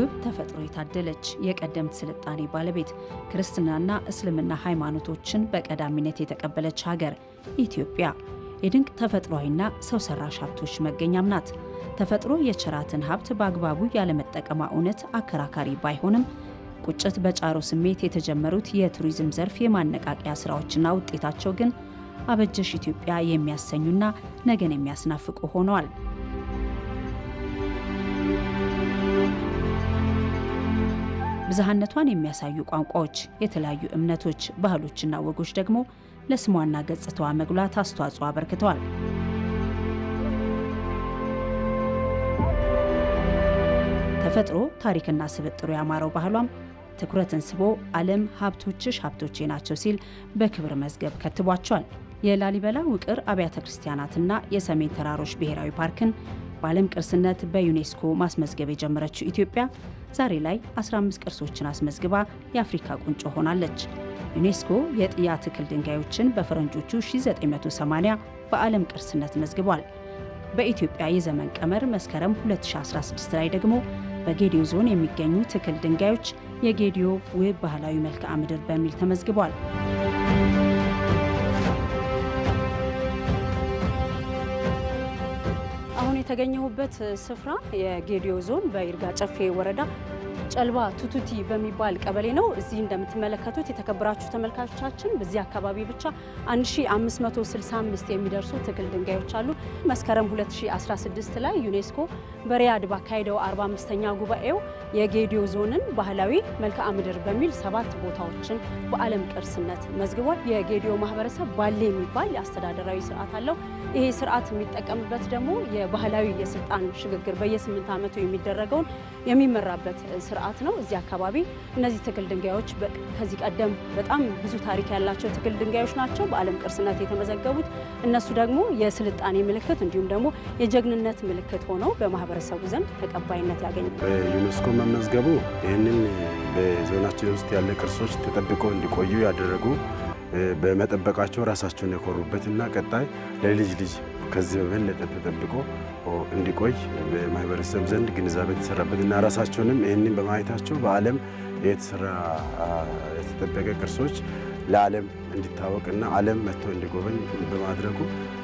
ውብ ተፈጥሮ የታደለች የቀደምት ስልጣኔ ባለቤት ክርስትናና እስልምና ሃይማኖቶችን በቀዳሚነት የተቀበለች ሀገር ኢትዮጵያ የድንቅ ተፈጥሯዊና ሰው ሰራሽ ሀብቶች መገኛም ናት። ተፈጥሮ የቸራትን ሀብት በአግባቡ ያለመጠቀሟ እውነት አከራካሪ ባይሆንም ቁጭት በጫሮ ስሜት የተጀመሩት የቱሪዝም ዘርፍ የማነቃቂያ ስራዎችና ውጤታቸው ግን አበጀሽ ኢትዮጵያ የሚያሰኙና ነገን የሚያስናፍቁ ሆነዋል። ብዝሃነቷን የሚያሳዩ ቋንቋዎች፣ የተለያዩ እምነቶች፣ ባህሎችና ወጎች ደግሞ ለስሟና ገጽታዋ መጉላት አስተዋጽኦ አበርክተዋል። ተፈጥሮ ታሪክና ስብጥሩ ያማረው ባህሏም ትኩረትን ስቦ ዓለም ሀብቶችሽ ሀብቶቼ ናቸው ሲል በክብር መዝገብ ከትቧቸዋል። የላሊበላ ውቅር አብያተ ክርስቲያናትና የሰሜን ተራሮች ብሔራዊ ፓርክን በዓለም ቅርስነት በዩኔስኮ ማስመዝገብ የጀመረችው ኢትዮጵያ ዛሬ ላይ 15 ቅርሶችን አስመዝግባ የአፍሪካ ቁንጮ ሆናለች። ዩኔስኮ የጥያ ትክል ድንጋዮችን በፈረንጆቹ 1980 በዓለም ቅርስነት መዝግቧል። በኢትዮጵያ የዘመን ቀመር መስከረም 2016 ላይ ደግሞ በጌዲዮ ዞን የሚገኙ ትክል ድንጋዮች የጌዲዮ ውብ ባህላዊ መልክዓ ምድር በሚል ተመዝግቧል። የተገኘሁበት ስፍራ የጌዲዮ ዞን በይርጋ ጨፌ ወረዳ ጨልባ ቱቱቲ በሚባል ቀበሌ ነው። እዚህ እንደምትመለከቱት የተከበራችሁ ተመልካቾቻችን በዚህ አካባቢ ብቻ 1565 የሚደርሱ ትክል ድንጋዮች አሉ። መስከረም 2016 ላይ ዩኔስኮ በሪያድ ባካሄደው 45ኛ ጉባኤው የጌዲዮ ዞንን ባህላዊ መልክዓ ምድር በሚል ሰባት ቦታዎችን በዓለም ቅርስነት መዝግቧል። የጌዲዮ ማህበረሰብ ባሌ የሚባል አስተዳደራዊ ስርዓት አለው። ይሄ ስርዓት የሚጠቀምበት ደግሞ የባህላዊ የስልጣን ሽግግር በየስምንት ዓመቱ የሚደረገውን የሚመራበት ስርዓት ስርዓት ነው። እዚህ አካባቢ እነዚህ ትክል ድንጋዮች ከዚህ ቀደም በጣም ብዙ ታሪክ ያላቸው ትክል ድንጋዮች ናቸው በዓለም ቅርስነት የተመዘገቡት። እነሱ ደግሞ የስልጣኔ ምልክት እንዲሁም ደግሞ የጀግንነት ምልክት ሆነው በማህበረሰቡ ዘንድ ተቀባይነት ያገኙ በዩኔስኮ መመዝገቡ ይህንን በዞናችን ውስጥ ያለ ቅርሶች ተጠብቆ እንዲቆዩ ያደረጉ በመጠበቃቸው ራሳቸውን የኮሩበትና ቀጣይ ለልጅ ልጅ ከዚህ በበለጠ ተጠብቆ እንዲቆይ በማህበረሰብ ዘንድ ግንዛቤ የተሰራበት እና ራሳቸውንም ይህንን በማየታቸው በዓለም የተሰራ የተጠበቀ ቅርሶች ለዓለም እንዲታወቅና ዓለም መጥቶ እንዲጎበኝ በማድረጉ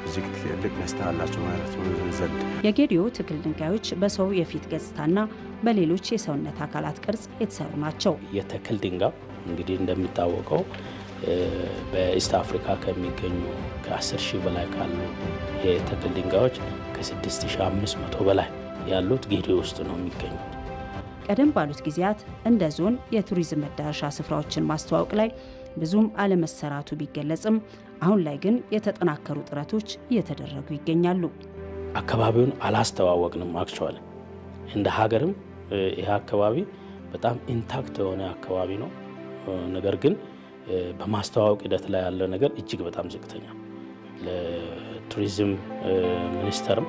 እጅግ ትልቅ መስታ አላቸው ማለት ዘንድ የጌዲዮ ትክል ድንጋዮች በሰው የፊት ገጽታና በሌሎች የሰውነት አካላት ቅርጽ የተሰሩ ናቸው። የተክል ድንጋይ እንግዲህ እንደሚታወቀው በኢስት አፍሪካ ከሚገኙ ከ10 ሺህ በላይ ካሉ የተክል ድንጋዮች ከ6500 በላይ ያሉት ጌዴ ውስጥ ነው የሚገኙት። ቀደም ባሉት ጊዜያት እንደ ዞን የቱሪዝም መዳረሻ ስፍራዎችን ማስተዋወቅ ላይ ብዙም አለመሰራቱ ቢገለጽም አሁን ላይ ግን የተጠናከሩ ጥረቶች እየተደረጉ ይገኛሉ። አካባቢውን አላስተዋወቅንም። አክቸዋል እንደ ሀገርም ይህ አካባቢ በጣም ኢንታክት የሆነ አካባቢ ነው። ነገር ግን በማስተዋወቅ ሂደት ላይ ያለው ነገር እጅግ በጣም ዝቅተኛ። ለቱሪዝም ሚኒስተርም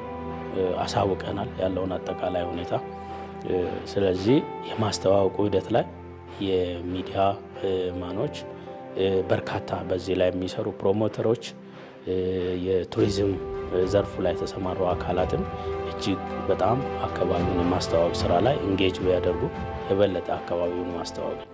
አሳውቀናል ያለውን አጠቃላይ ሁኔታ። ስለዚህ የማስተዋወቁ ሂደት ላይ የሚዲያ ማኖች በርካታ በዚህ ላይ የሚሰሩ ፕሮሞተሮች፣ የቱሪዝም ዘርፉ ላይ የተሰማሩ አካላትም እጅግ በጣም አካባቢውን የማስተዋወቅ ስራ ላይ እንጌጅ ቢያደርጉ የበለጠ አካባቢውን ማስተዋወቅ